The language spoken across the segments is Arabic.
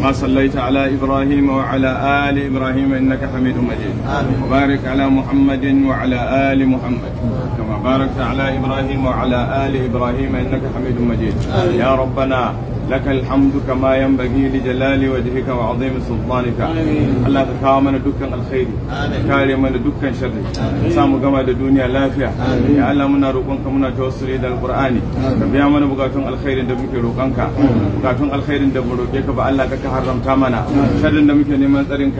كما صليت على إبراهيم وعلى آل إبراهيم إنك حميد مجيد آمين. وبارك على محمد وعلى آل محمد كما باركت على إبراهيم وعلى آل إبراهيم إنك حميد مجيد آمين. يا ربنا لك الحمد كما ينبغي لجلال وجهك وعظيم سلطانك ka kawo mana gama da duniya lafiya ya Allah muna roƙonka muna tawassuli ba Allah ka haramta mana sharrin da muke neman tsarin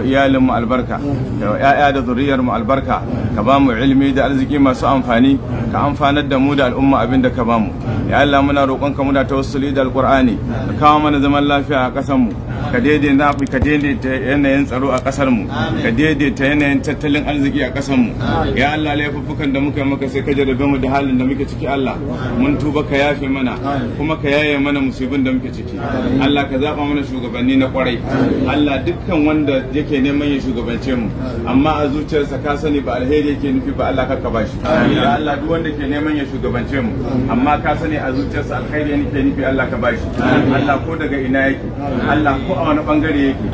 da bamu albarka ka da arziki masu amfani ka amfanar da mu da al'umma abin da ka bamu ya Allah muna roƙonka muna tawassuli da al'ƙur'ani ka kawo mana zaman lafiya a ƙasar mu ka daidaita ka daidaita yanayin tsaro a kasar mu ka daidaita yanayin tattalin arziki a kasar mu ya Allah laifuffukan da muka maka sai ka jarabe mu da halin da muke ciki Allah mun tuba ka yafe mana kuma ka yaye mana musibin da muke ciki Allah ka zaba mana shugabanni na kwarai Allah dukkan wanda yake neman ya shugabance mu amma a zuciyarsa ka sani ba alheri yake nufi ba Allah ka ba shi ya Allah duk wanda ke neman ya shugabance mu amma ka sani a zuciyarsa alheri yake nufi Allah ka ba shi Allah ko daga ina yake Allah ko a wani bangare yake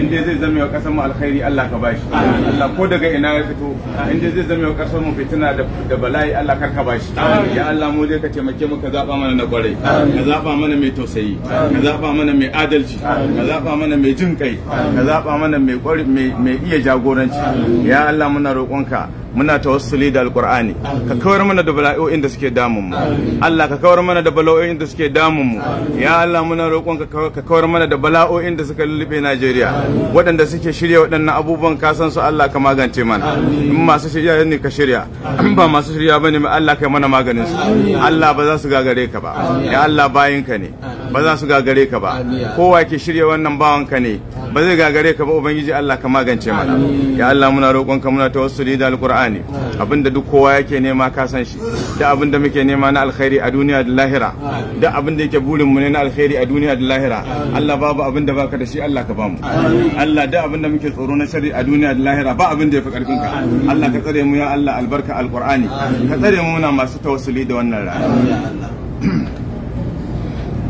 in dai zai zama wa kasar mu alkhairi Allah ka bashi Allah ko daga ina ya fito in dai zai zama wa kasar mu fitina da bala'i Allah kar ka bashi ya Allah mu dai ka taimake mu ka zaba mana na kwarai ka zaba mana mai tausayi ka zaba mana mai adalci ka zaba mana mai jin kai ka zaba mana mai mai iya jagoranci ya Allah muna roƙonka muna tawassuli da alqur'ani ka kawar mana da bala'o'in da suke damun mu Allah ka kawar mana da bala'o'in da suke damun mu ya Allah muna roƙon ka kawar mana da bala'o'in da suka lullube Najeriya waɗanda suke shirya waɗannan abubuwan ka san su Allah ka magance mana in masu shirya ne ka shirya in ba masu shirya bane Allah kai mana maganin su Allah ba za su gagare ka ba ya Allah bayinka ne ba za su gagare ka ba kowa ke shirya wannan bawanka ne ba zai gagare ka ba ubangiji Allah ka magance mana ya Allah muna ka muna tawassuli da alqur'ani abinda duk kowa yake nema ka san shi da abinda muke nema na alkhairi a duniya da lahira da abinda yake burin mu ne na alkhairi a duniya da lahira Allah babu abinda baka da shi Allah ka bamu Allah da abinda muke tsoro na shari a duniya da lahira ba abinda yafi karfin ka Allah ka tsare mu ya Allah albarka alqur'ani ka tsare mu muna masu tawassuli da wannan rana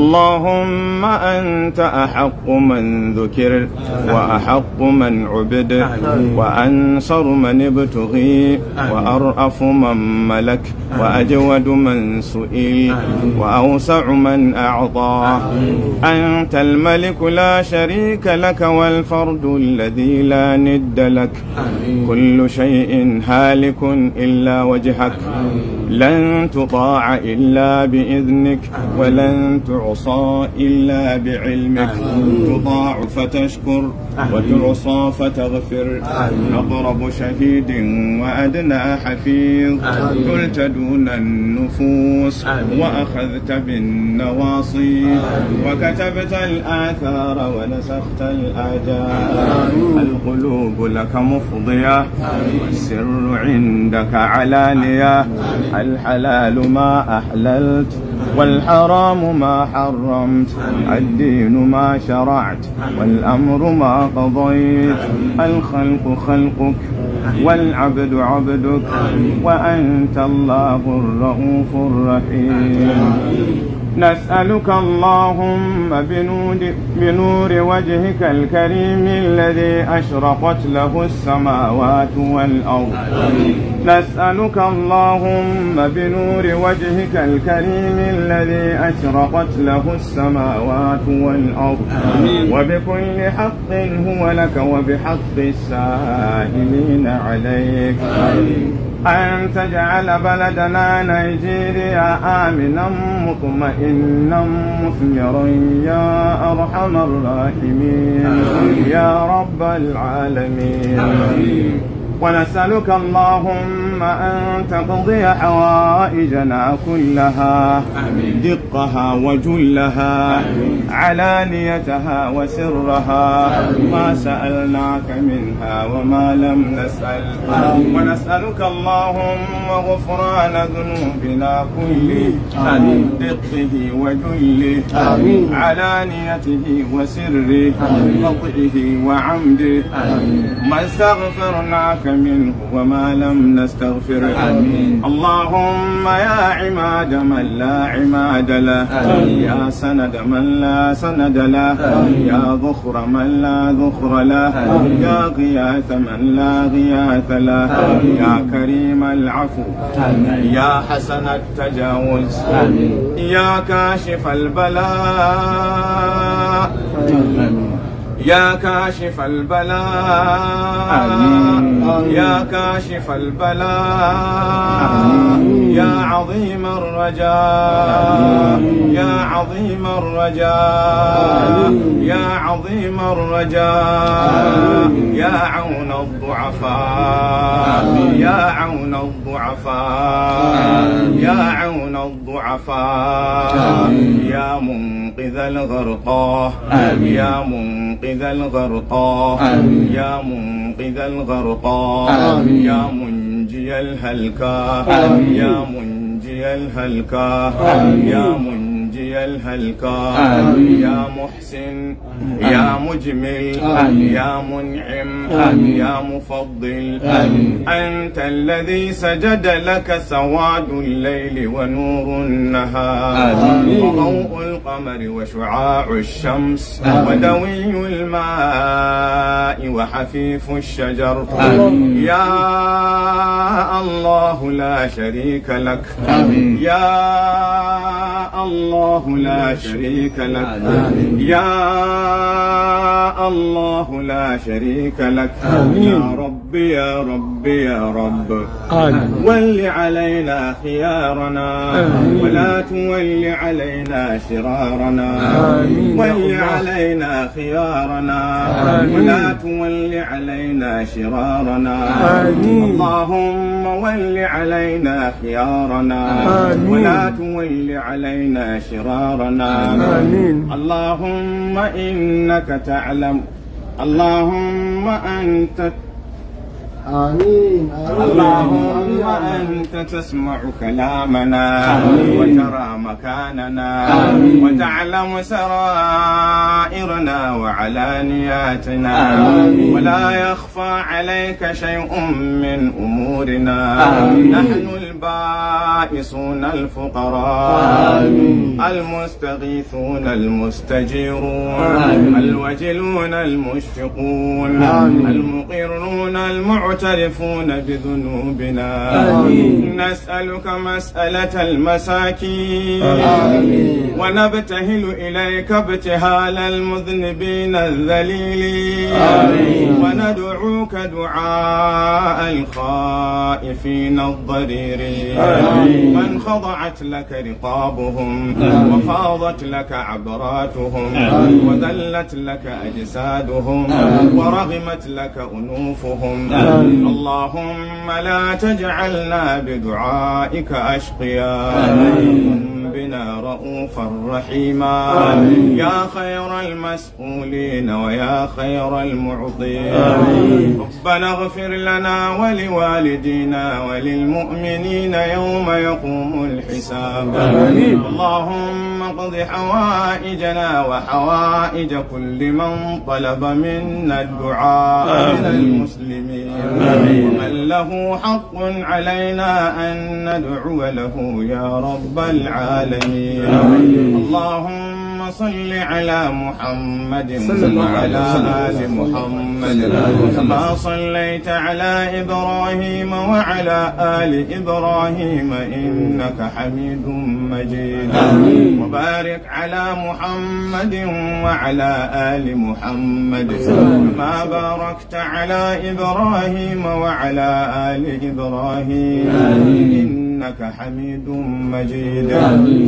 اللهم أنت أحق من ذكر وأحق من عبد وأنصر من ابتغي وأرأف من ملك وأجود من سئل وأوسع من أعطى أنت الملك لا شريك لك والفرد الذي لا ند لك كل شيء هالك إلا وجهك لن تطاع إلا بإذنك ولن تعصى إلا بعلمك تطاع فتشكر وتعصى فتغفر أقرب شهيد وأدنى حفيظ قلت دون النفوس وأخذت بالنواصي وكتبت الآثار ونسخت الآجال القلوب لك مفضية والسر عندك علانية الحلال ما أحللت والحرام ما حرمت الدين ما شرعت والأمر ما قضيت الخلق خلقك والعبد عبدك وأنت الله الرؤوف الرحيم نسألك اللهم بنور وجهك الكريم الذي أشرقت له السماوات والأرض نسألك اللهم بنور وجهك الكريم الذي أشرقت له السماوات والأرض وبكل حق هو لك وبحق السائلين عليك أن تجعل بلدنا نيجيريا آمنا مطمئنا مثمرا يا أرحم الراحمين يا رب العالمين آمين. ونسألك اللهم أن تقضي حوائجنا كلها آمين. دقها وجلها آمين. علانيتها وسرها آمين. ما سألناك منها وما لم نسأل آمين. ونسألك اللهم غفران ذنوبنا كله آمين. دقه وجله آمين. علانيته وسره خطئه وعمده آمين. ما استغفرناك منه وما لم نستغفر آمين اللهم يا عماد من لا عماد له آمين. يا سند من لا سند له آمين. يا ذخر من لا ذخر له آمين. يا غياث من لا غياث له آمين. يا كريم العفو آمين. يا حسن التجاوز آمين. يا كاشف البلاء آمين. يا كاشف البلاء يا كاشف البلاء يا عظيم الرجاء يا عظيم الرجاء يا عظيم الرجاء يا عون الضعفاء يا عون الضعفاء يا عون الضعفاء يا منقذ الغرقى يا منقذ منقذ الغرقى يا منقذ الغرقى يا منجي الهلكى يا منجي الهلكى يا منجي يا الهلكان يا محسن يا مجمل يا منعم يا مفضل أنت الذي سجد لك سواد الليل ونور النهار وضوء القمر وشعاع الشمس ودوي الماء وحفيف الشجر يا الله لا شريك لك يا الله الله لا شريك لك يا الله لا شريك لك يا رب يا رب يا رب ول علينا خيارنا ولا تول علينا شرارنا ول علينا خيارنا ولا تول علينا شرارنا اللهم ول علينا خيارنا ولا تول علينا شرارنا أبصارنا آمين اللهم إنك تعلم اللهم أنت آمين. آمين اللهم أنت تسمع كلامنا آمين. وترى مكاننا آمين. وتعلم سرائرنا وعلانياتنا آمين. ولا يخفى عليك شيء من أمورنا آمين. نحن البائسون الفقراء آمين. المستغيثون المستجيرون آمين. الوجلون المشفقون آمين. المقرون المعترفون بذنوبنا آمين. نسألك مسألة المساكين آمين. ونبتهل إليك ابتهال المذنبين الذليلين آمين. وندعوك دعاء الخائفين الضريرين آمين. من خضعت لك رقابهم وفاضت لك عبراتهم وذلت لك أجسادهم ورغمت لك أنوفهم اللهم لا تجعلنا بدعائك أشقيا آمين. بنا رؤوفا رحيما آمين. يا خير المسؤولين ويا خير المعطين ربنا اغفر لنا ولوالدينا وللمؤمنين يوم يقوم الحساب آمين. اللهم اقض حوائجنا وحوائج كل من طلب منا الدعاء آمين. من المسلمين آمين. ومن له حق علينا أن ندعو له يا رب العالمين اللهم صل على محمد وعلى آل محمد كما صليت على إبراهيم وعلى آل إبراهيم إنك حميد مجيد وبارك على محمد وعلى آل محمد كما باركت على إبراهيم وعلى آل إبراهيم إنك حميد مجيد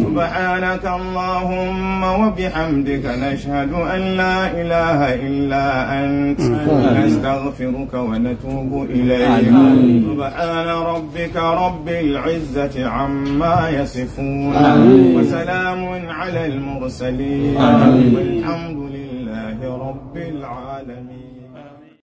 سبحانك اللهم وبحمدك نشهد أن لا إله إلا أنت نستغفرك ونتوب إليك سبحان ربك رب العزة عما يصفون آمين. وسلام على المرسلين والحمد لله رب العالمين